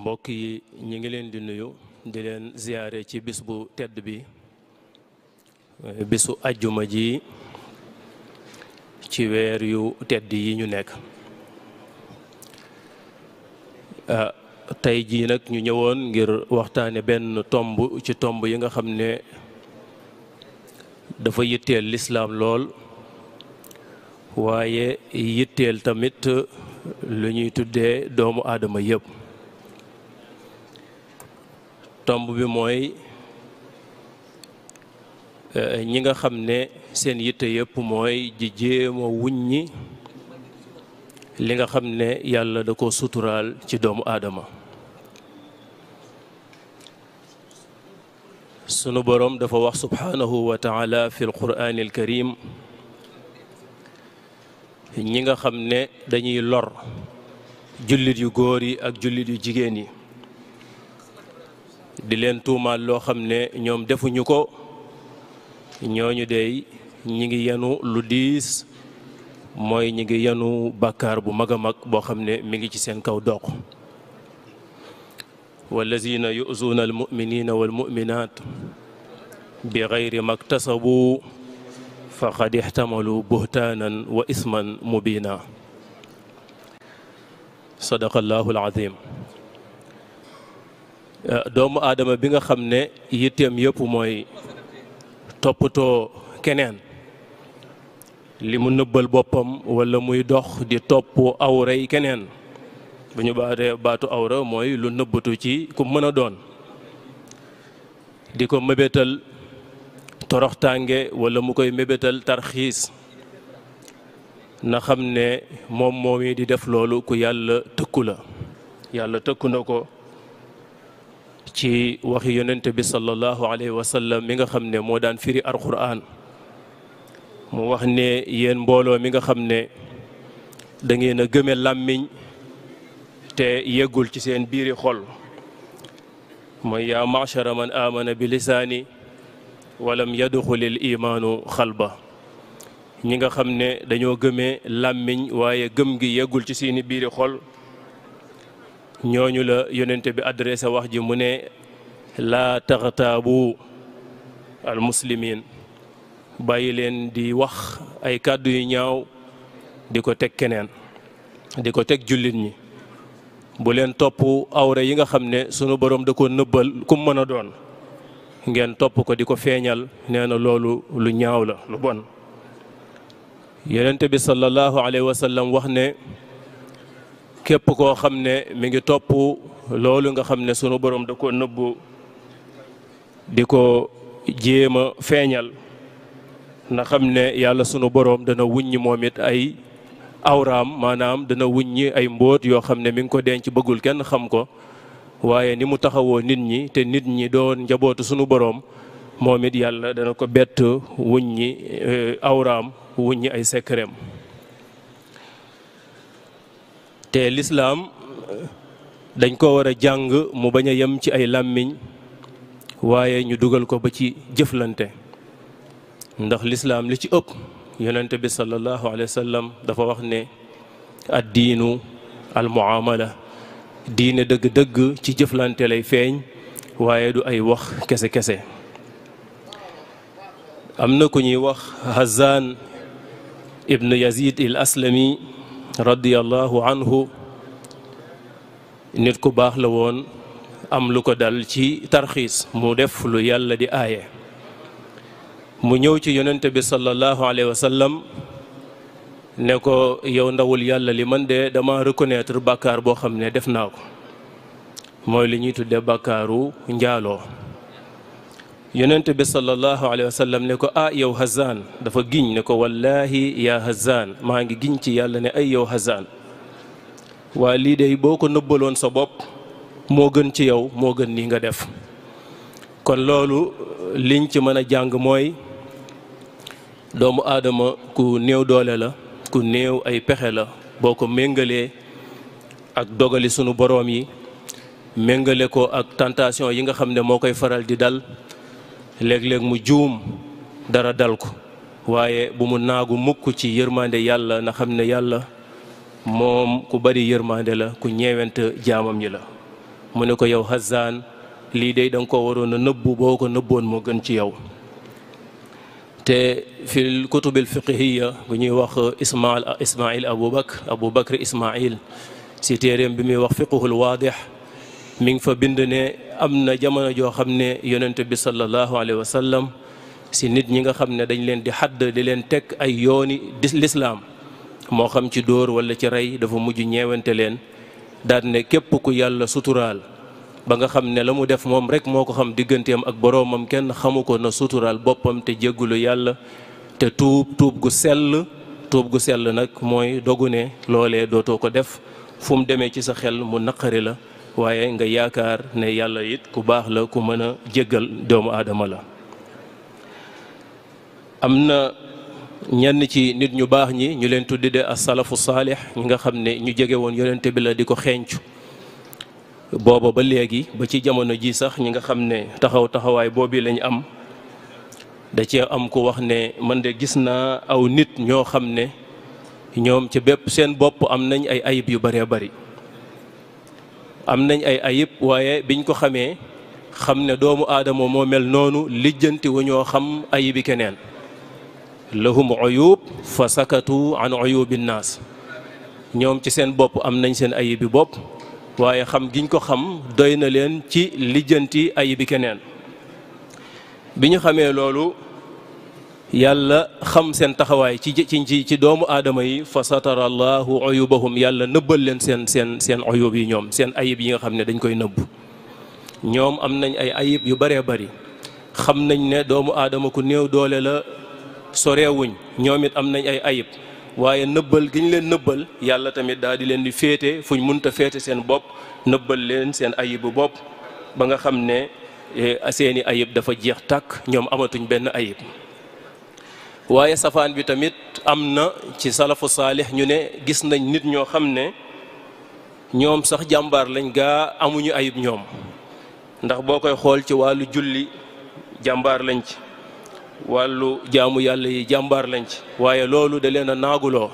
mbokk yi ñu ngi leen di nuyu di leen ziyaare ci bis bu tedd bi eh, bisu ajjuma ji ci weer yu tedd yi ñu nekk eh, tey jii nag ñu ñëwoon ngir waxtaane benn tomb ci tomb yi nga xam ne dafa yitteel lislaam lool waaye yitteel tamit lu ñuy tuddee doomu aadama yëpp tomb bi mooy euh, ñi nga xam ne seen yitte yëpp mooy ji jéema wuññi li nga xam ne yàlla da ko suturaal ci doomu aadama sunu boroom dafa wax subhaanahu wa taala fi alquraan alkarim ñi nga xam ne dañuy lor jullit yu góor yi ak jullit yu jigéen yi di leen tuumaal loo xam ne ñoom defuñu ko ñooñu dey ñi ngi yenu lu diis mooy ñi ngi yenu bàkkaar bu mag a mag boo xam ne mi ngi ci seen kaw dox wallazina yuzuuna almuminina walmuminat bi gayri maktasabu faqad ixtamalu buhtaanan wa isman mubina Euh, doomu aadama bi nga xam ne yitteem yépp mooy toppatoo keneen li mu nëbbal boppam walla muy dox di topp awray keneen bu ñu baatu awra mooy lu nëbbatu ci ku mën a doon di ko mébétal toroxtaange walla mu koy mébétal tarxiis na xam ne moom moom yi di def loolu ku yàlla tëkku la yàlla tëkku na ko ci waxi yonent bi sallallahu alayhi wa sallam mi nga xam ne moo daan firi alquran mu wax ne yéen mbooloo mi nga xam ne da ngeen a gëme làmmiñ te yeggul ci seen biiri xol mooy yaa machara man amana bi lisaani walam yadxulil imaanu ba ñi nga xam ne dañoo gëmee làmmiñ waaye gëm gi yeggul ci seeni biiri xol ñoo ñu la yonent bi adressé wax ji mu ne laa taxtaabu al muslimin bàyyi leen di wax ay kàddu yu ñaaw di ko teg keneen di ko teg jullit ñi bu leen topp awra yi nga xam ne sunu boroom da ko nëbbal kum mën a doon ngeen topp ko di ko feeñal nee na loolu lu ñaaw la lu bon yonent bi sallallahu alayhi wa wax ne képp koo xam ne mi ngi topp loolu nga xam ne sunu borom da ko nëbbu di ko jéem a feeñal na xam ne yàlla sunu borom dana wuññi moom it ay awraam maanaam dana wuññi ay mbóot yoo xam ne mi ngi ko denc bëggul kenn xam ko waaye ni mu taxawoo nit ñi te nit ñi doon njabootu sunu borom moom it yàlla dana ko bett wuññi eh, awraam wuññi ay sekkereem te lislaam dañ ko war a jàng mu bañ a yem ci ay làmmiñ waaye ñu dugal ko ba ci jëflante ndax lislaam li ci ëpp yonente bi sallallahu alayhi wa dafa wax ne ad diinu al muamala diine dëgg-dëgg ci jëflante lay feeñ waaye du ay wax kese-kese am na ku ñuy wax Hazan ibn Yazid il aslami radiyallahu anhu nit ku baax la woon am lu ko dal ci tarxiis mu def lu yàlla di aaye mu ñëw ci yonent bi sallallahu alayhi wa sallam ne ko yow ndawul yàlla li man de dama reconnaître bàkkaar boo xam ne def naa ko mooy li ñuy tudde bàkkaaru njaaloo yonent bi sallallahu alayhi wa sallam ne ko ah yow Hazaan dafa giñ ne ko wallaahi yaa Hazaan maa ngi giñ ci yàlla ne ay yow Hazaan waa lii de boo ko nëbbaloon sa bopp moo gën ci yow moo gën nii nga def kon loolu liñ ci mën a jàng mooy doomu aadama ku néew doole la ku néew ay pexe la boo ko méngalee ak dogali sunu boroom yi méngale ko ak tentation yi nga xam ne moo koy faral di dal léeg-léeg mu juum dara dal ko waaye bu mu naagu mukk ci yërmande yàlla na xam ne yàlla moom ku bari yërmande la ku ñeewent jaamam ñi la mu ne ko yow Hassan lii dey da ko waroon a nëbbu boo ko nëbboon moo gën ci yow te fil kutubil fiqhiya bu ñuy wax ismail ismail abou bakr abou bakr ismail si téeréem bi muy wax fiqhul waadix mi ngi fa bind ne am na jamono joo xam ne yonent bi sallallahu alayhi wa sallam si nit ñi nga xam ne dañ leen di xadd di leen tekk ay yooni di lislaam moo xam ci dóor walla ci rey dafa mujj ñeewante leen daal ne képp ku yàlla suturaal ba nga xam ne la mu def moom rek moo ko xam digganteem ak boroomam kenn xamu ko na suturaal boppam te jéggulu yàlla te tuub tuub gu sell tuub gu sell nag mooy dogu ne loole dootoo ko def fu mu demee ci sa xel mu naqari la waaye nga yaakaar ne yàlla it ku baax la ku mën a jéggal doomu aadama la am na ñenn ci nit ñu baax ñi ñu leen tuddi de asalafu salafu ñi nga xam ne ñu jege woon yonente bi la di ko xeeñcu booba ba léegi ba ci jamono ji sax ñi nga xam ne taxaw taxawaay boobi lañ am da cee am ku wax ne man de gis naa aw nit ñoo xam ne ñoom ci bépp seen bopp am nañ ay ayib yu bëree bari am nañ ay ayib waaye biñ ko xamee xam ne doomu aadama moo mel noonu lijjanti wu ñoo xam ayibi keneen lahum uyub fa sakatu an uyubi naas ñoom ci seen bopp am nañ seen ayibi bopp waaye xam giñ ko xam doy na leen ci lijjanti ayibi keneen bi ñu xamee loolu yàlla xam seen taxawaay ci ci ci doomu aadama yi fa satara allahu yàlla nëbbal leen seen seen seen uyub yi ñoom seen ayib yi nga xam ne dañ koy nëbb ñoom am nañ ay ayib yu bëree bari xam nañ ne doomu aadama ku néew doole la soreewuñ ñoom it am nañ ay ayib waaye nëbbal gi ñu leen nëbbal yàlla tamit daal di leen di féete fuñ munta féete seen bopp nëbbal leen seen ayibu bopp ba nga xam ne eh, seeni ayib dafa jeex tàkk ñoom amatuñ benn ayib waaye safaan bi tamit am na ci salafu saalix ñu ne gis nañ nit ñoo xam ne ñoom sax jàmbaar lañ gaa amuñu ayib ñoom ndax boo koy xool ci wàllu julli jàmbaar lañ ci wàllu jaamu yàlla yi jàmbaar lañ ci waaye loolu de leen a naaguloo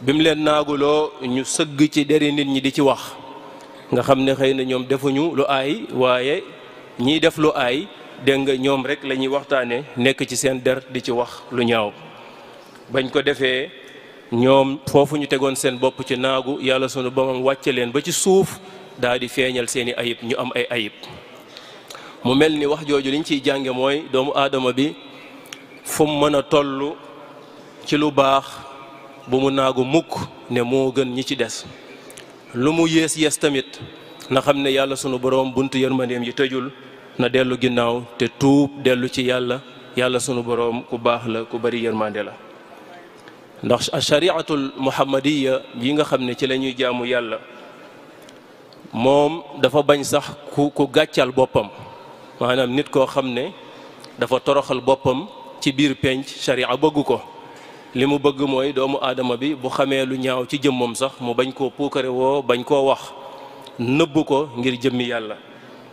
bi mu leen naaguloo ñu sëgg ci deri nit ñi di ci wax nga xam ne xëy na ñoom defuñu lu aay waaye ñiy def lu aay dégg nga ñoom rek lañuy ñuy waxtaane nekk ci seen der di ci wax lu ñaaw bañ ko defee ñoom foofu ñu tegoon seen bopp ci naagu yàlla sunu borom wàcce leen ba ci suuf daal di feeñal seeni ayib ñu am ay ayib mu mel ni wax jooju liñ ciy jànge mooy doomu aadama bi fu mu mën a toll ci lu baax bu mu naagu mukk ne moo gën ñi ci des lu mu yées yees tamit na xam ne yàlla sunu borom buntu yërmandeem yi tëjul na dellu ginnaaw te tuub dellu ci yàlla yàlla sunu boroom ku baax la ku bari yërmande la ndax shariatul muhammadiya yi nga xam ne ci lañuy ñuy jaamu yàlla moom dafa bañ sax ku ku gàccal boppam maanaam nit koo xam ne dafa toroxal boppam ci biir penc sharia bëgg ko li mu bëgg mooy doomu aadama bi bu xamee lu ñaaw ci jëmmam sax mu bañ koo puukare woo bañ koo wax nëbb ko ngir jëmmi yàlla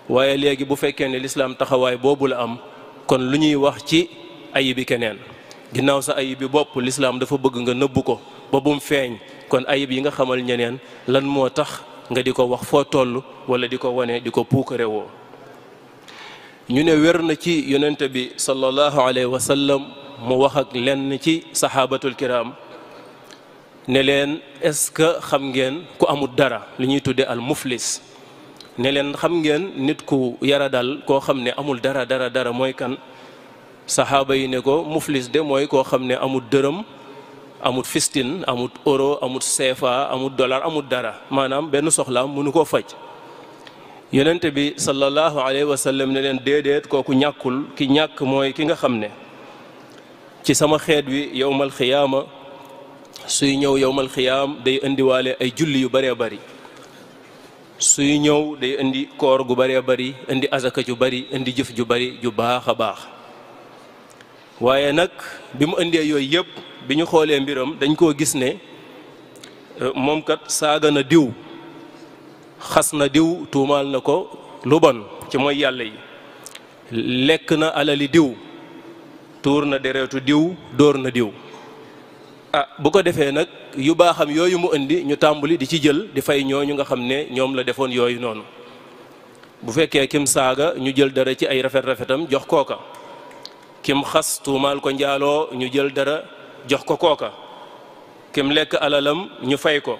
waaye léegi bu fekkee ne lislaam taxawaay boobu la am kon lu ñuy wax ci ayibi keneen ginnaaw sa ayib bi bopp lislaam dafa bëgg nga nëbbu ko ba bum feeñ kon ayib yi nga xamal ñeneen lan moo tax nga di ko wax foo toll wala di ko wane di ko puukare woo ñu ne wér na ci yonente bi sallallahu alayhi wa sallam mu wax ak lenn ci saxaabatul kiram ne leen est-ce que xam ngeen ku amul dara lu ñuy tudde al muflis ne leen xam ngeen nit ku yara dal koo xam ne amul dara dara dara mooy kan saxaaba yi ne ko muflis de mooy koo xam ne amul dërëm amul fistin amul euro amul CFA amul dollar amul dara maanaam benn soxlaam mënu koo faj yonent bi sallallahu alayhi wa ne leen déedéet kooku ñàkkul ki ñàkk mooy ki nga xam ne ci sama xeet wi yowmal xiyaama suy ñëw yowmal xiyaam day indiwaale ay julli yu bëree bari suy ñëw day indi koor gu baree bari indi azaka ju bari indi jëf ju bari ju baax a baax waaye nag bi mu indee yooyu yëpp bi ñu xoolee mbiram dañ koo gis ne euh, moom kat saaga na diw xas na diw tuumaal na ko lu bon ci mooy yàlla yi lekk na alali diw tuur na deretu diw dóor na diw ah bu ko defee nag yu baaxam yooyu mu indi ñu tàmbali di ci jël di fay ñooñu nga xam ne ñoom la defoon yooyu noonu bu fekkee kim saaga ñu jël dara ci ay rafet rafetam jox kooka kim xas tuumaal ko njaaloo ñu jël dara jox ko kooka kim lekk alalam ñu fay ko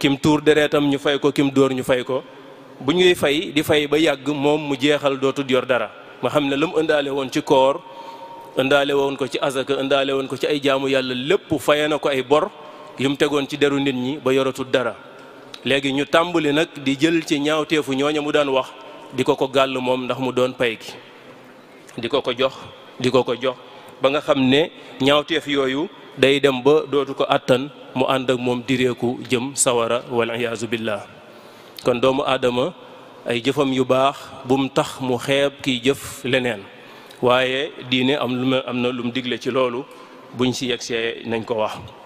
kim tuur dereetam ñu fay ko kim dóor ñu fay ko bu ñuy fay di fay ba yàgg moom mu jeexal dootul yor dara nga xam ne lu mu indaale woon ci koor ëndaale woon ko ci azaka ëndaale woon ko ci ay jaamu yàlla lépp faye na ko ay bor yu mu tegoon ci deru nit ñi ba yoratul dara léegi ñu tàmbali nag di jël ci ñaawteefu ñooña mu daan wax di ko ko gàll moom ndax mu doon pay gi di ko ko jox di ko ko jox ba nga xam ne ñaawteef yooyu day dem ba dootu ko àttan mu ànd ak moom direeku jëm sawara wal iyaazu billah kon doomu aadama ay jëfam yu baax bum tax mu xeeb kiy jëf leneen waaye diine am lu am na lu mu digle ci loolu buñ si yegsee nañ ko wax